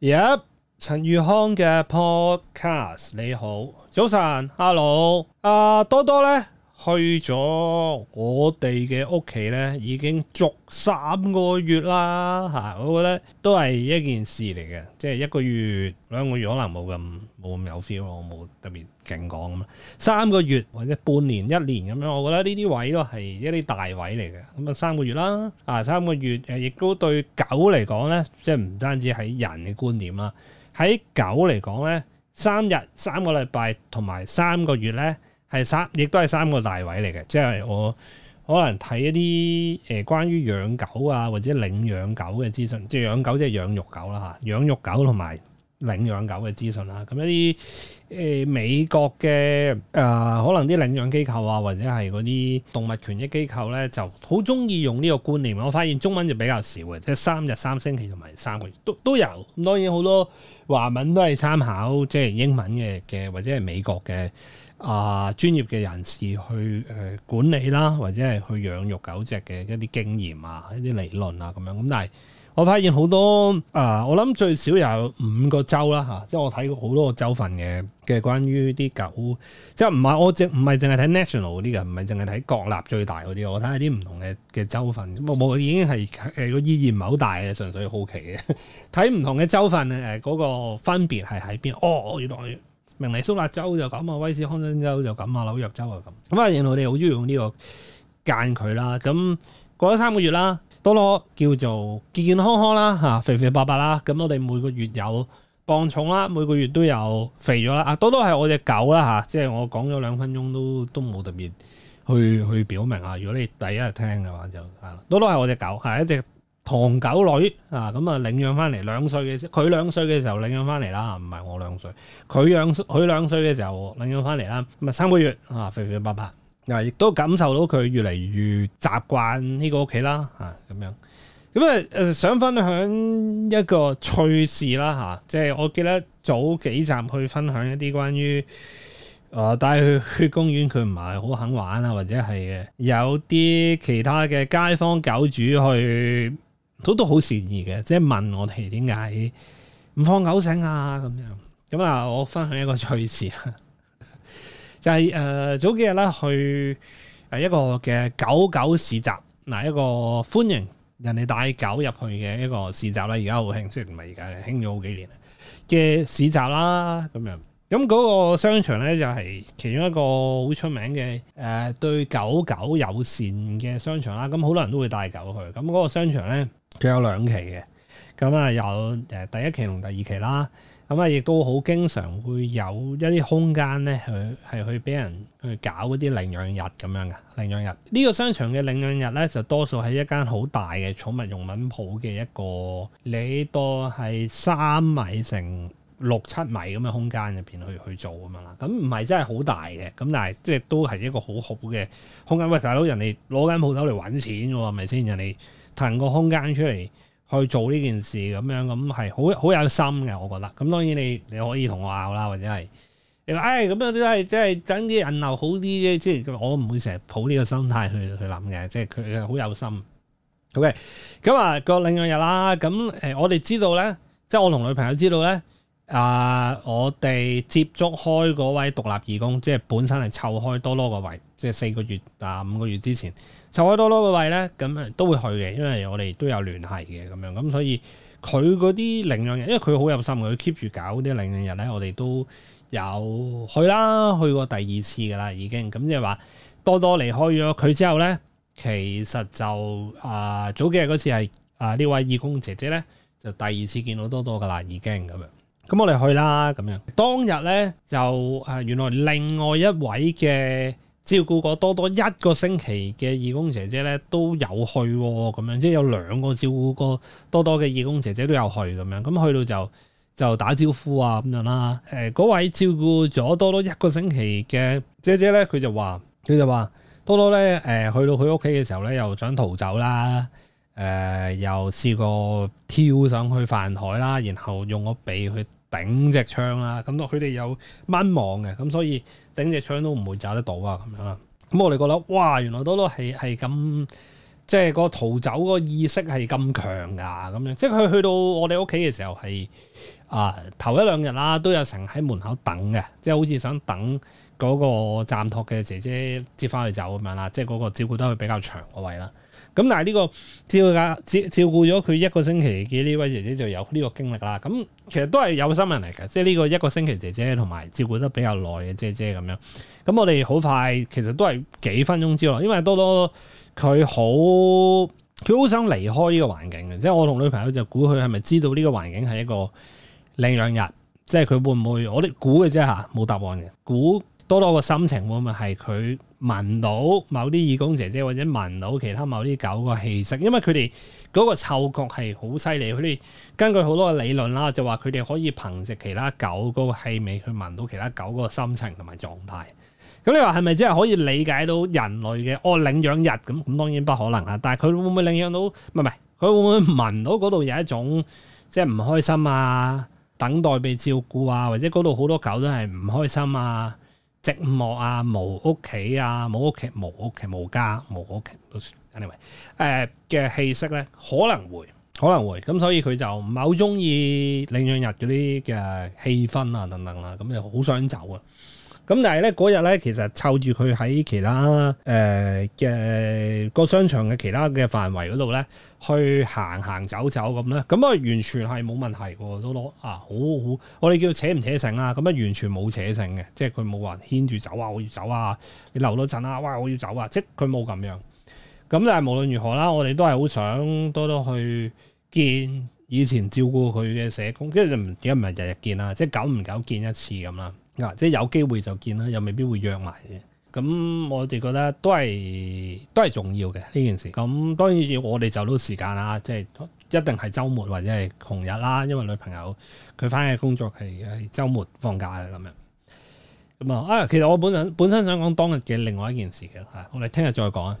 耶！陳宇康嘅 podcast，你好，早晨，Hello，阿多多呢。去咗我哋嘅屋企咧，已經足三個月啦嚇！我覺得都係一件事嚟嘅，即係一個月、兩個月可能冇咁冇咁有 feel，我冇特別勁講咁啊。三個月或者半年、一年咁樣，我覺得呢啲位都係一啲大位嚟嘅。咁啊，三個月啦啊，三個月誒，亦都對狗嚟講咧，即係唔單止喺人嘅觀點啦，喺狗嚟講咧，三日、三個禮拜同埋三個月咧。係三，亦都係三個大位嚟嘅，即係我可能睇一啲誒關於養狗啊，或者領養狗嘅資訊，即係養狗即係養肉狗啦嚇，養肉狗同埋領養狗嘅資訊啦。咁一啲誒美國嘅啊、呃，可能啲領養機構啊，或者係嗰啲動物權益機構咧，就好鍾意用呢個觀念。我發現中文就比較少嘅，即係三日、三星期同埋三個月都都有。咁當然好多華文都係參考即係英文嘅嘅，或者係美國嘅。啊，專業嘅人士去誒、呃、管理啦，或者係去養育狗隻嘅一啲經驗啊，一啲理論啊咁樣。咁但係我發現好多啊，我諗最少有五個州啦嚇、啊，即係我睇過好多個州份嘅嘅關於啲狗，即係唔係我只唔係淨係睇 national 嗰啲嘅，唔係淨係睇國立最大嗰啲，我睇下啲唔同嘅嘅州份。我我已經係誒個意義唔係好大嘅，純粹好奇嘅，睇唔同嘅州份誒嗰、呃嗰個分別係喺邊？哦，原來。明尼蘇達州就咁啊，威斯康辛州就咁啊，紐約州啊咁。咁啊，然後我哋好中意用呢個間佢啦。咁過咗三個月啦，多多叫做健健康康啦，吓，肥肥白白啦。咁我哋每個月有磅重啦，每個月都有肥咗啦。啊，多多係我隻狗啦，吓，即係我講咗兩分鐘都都冇特別去去表明啊。如果你第一日聽嘅話就係啦，多多係我隻狗，係一隻。唐狗女啊，咁、嗯、啊領養翻嚟兩歲嘅，佢兩歲嘅時候領養翻嚟啦，唔、啊、係我兩歲，佢兩佢兩歲嘅時候領養翻嚟啦，咁啊三個月啊肥肥白白，啊亦都感受到佢越嚟越習慣呢個屋企啦，啊咁樣，咁啊誒、呃、想分享一個趣事啦嚇、啊，即係我記得早幾集去分享一啲關於啊、呃、帶佢去公園佢唔係好肯玩啊，或者係有啲其他嘅街坊狗主去。都都好善意嘅，即係問我哋點解唔放狗繩啊咁樣。咁啊，我分享一個趣事啊，呵呵就係誒早幾日咧去誒一個嘅狗狗市集，嗱一個歡迎人哋帶狗入去嘅一個市集啦。而家好興，即係唔係而家咧，興咗好幾年嘅市集啦。咁樣咁嗰個商場咧就係其中一個好出名嘅誒對狗狗友善嘅商場啦。咁好多人都會帶狗去，咁嗰個商場咧。佢有兩期嘅，咁、嗯、啊有誒第一期同第二期啦，咁啊亦都好經常會有一啲空間咧，去係去俾人去搞嗰啲領養日咁樣嘅領養日。呢、這個商場嘅領養日咧，就多數喺一間好大嘅寵物用品鋪嘅一個，你多係三米乘六七米咁嘅空間入邊去去做咁樣啦，咁唔係真係好大嘅，咁但係即係都係一個好好嘅空間。喂，大佬，人哋攞間鋪頭嚟揾錢嘅喎，係咪先？人哋。騰個空間出嚟去做呢件事咁樣，咁係好好有心嘅，我覺得。咁當然你你可以同我拗啦，或者係你話，唉，咁有啲都係即係等啲人流好啲啫。即係我唔會成日抱呢個心態去去諗嘅。即係佢好有心。Ok，咁啊，個領養日啦。咁誒，我哋知道咧，即係我同女朋友知道咧，啊、呃，我哋接觸開嗰位獨立義工，即係本身係湊開多咯個位，即係四個月啊五個月之前。就多多個位咧，咁都會去嘅，因為我哋都有聯繫嘅咁樣，咁所以佢嗰啲領養人，因為佢好入心嘅，佢 keep 住搞啲領養人咧，我哋都有去啦，去過第二次嘅啦已經。咁即係話多多離開咗佢之後咧，其實就啊、呃、早幾日嗰次係啊呢位義工姐姐咧，就第二次見到多多嘅啦已經咁樣。咁我哋去啦咁樣，當日咧就誒原來另外一位嘅，照顧過多多一個星期嘅義工姐姐咧都有去咁樣，即係有兩個照顧過多多嘅義工姐姐都有去咁樣。咁去，去到就就打招呼啊咁樣啦。誒、呃，嗰位照顧咗多多一個星期嘅姐姐咧，佢就話佢就話多多咧誒、呃，去到佢屋企嘅時候咧，又想逃走啦，誒、呃、又試過跳上去飯台啦，然後用個鼻去。頂隻槍啦，咁到佢哋有蚊網嘅，咁所以頂隻槍都唔會揸得到啊，咁樣啦。咁我哋覺得，哇，原來多多係係咁，即係個逃走嗰個意識係咁強㗎，咁樣。即係佢去到我哋屋企嘅時候，係啊頭一兩日啦，都有成喺門口等嘅，即係好似想等。嗰個暫托嘅姐姐接翻去走咁樣啦，即係嗰個照顧得佢比較長個位啦。咁但係呢個照顧照顧咗佢一個星期嘅呢位姐姐就有呢個經歷啦。咁、嗯、其實都係有心人嚟嘅，即係呢個一個星期姐姐同埋照顧得比較耐嘅姐姐咁樣。咁、嗯、我哋好快其實都係幾分鐘之內，因為多多佢好佢好想離開呢個環境嘅，即係我同女朋友就估佢係咪知道呢個環境係一個領養日，即係佢會唔會我哋估嘅啫嚇，冇答案嘅估。多多個心情，會唔會係佢聞到某啲義工姐姐或者聞到其他某啲狗個氣息，因為佢哋嗰個嗅覺係好犀利。佢哋根據好多理論啦，就話佢哋可以憑藉其他狗嗰個氣味去聞到其他狗嗰個心情同埋狀態。咁你話係咪只係可以理解到人類嘅？我、哦、領養日咁，咁當然不可能啦。但係佢會唔會領養到？唔係唔係，佢會唔會聞到嗰度有一種即係唔開心啊？等待被照顧啊？或者嗰度好多狗都係唔開心啊？寂寞啊，冇屋企啊，冇屋企，冇屋企，冇家，冇屋企。Anyway，誒、uhm, 嘅氣息咧，可能會，可能會，咁所以佢就唔係好鍾意領養日嗰啲嘅氣氛啊，等等啦，咁就好想走啊。咁但係咧嗰日咧，其實湊住佢喺其他誒嘅、呃、個商場嘅其他嘅範圍嗰度咧，去行行走走咁咧，咁啊完全係冇問題，都攞啊好好，我哋叫扯唔扯成啊，咁啊完全冇扯成嘅，即係佢冇話牽住走啊，我要走啊，你留到陣啊，哇我要走啊，即係佢冇咁樣。咁但係無論如何啦，我哋都係好想多多去見以前照顧佢嘅社工，即係就唔點解唔係日日見啊，即係久唔久見一次咁啦。嗱、啊，即係有機會就見啦，又未必會約埋嘅。咁、嗯、我哋覺得都係都係重要嘅呢件事。咁、嗯、當然要我哋就到時間啦，即係一定係周末或者係紅日啦，因為女朋友佢翻嘅工作係喺週末放假嘅咁樣。咁、嗯、啊，啊，其實我本身本身想講當日嘅另外一件事嘅，係、嗯、我哋聽日再講啊。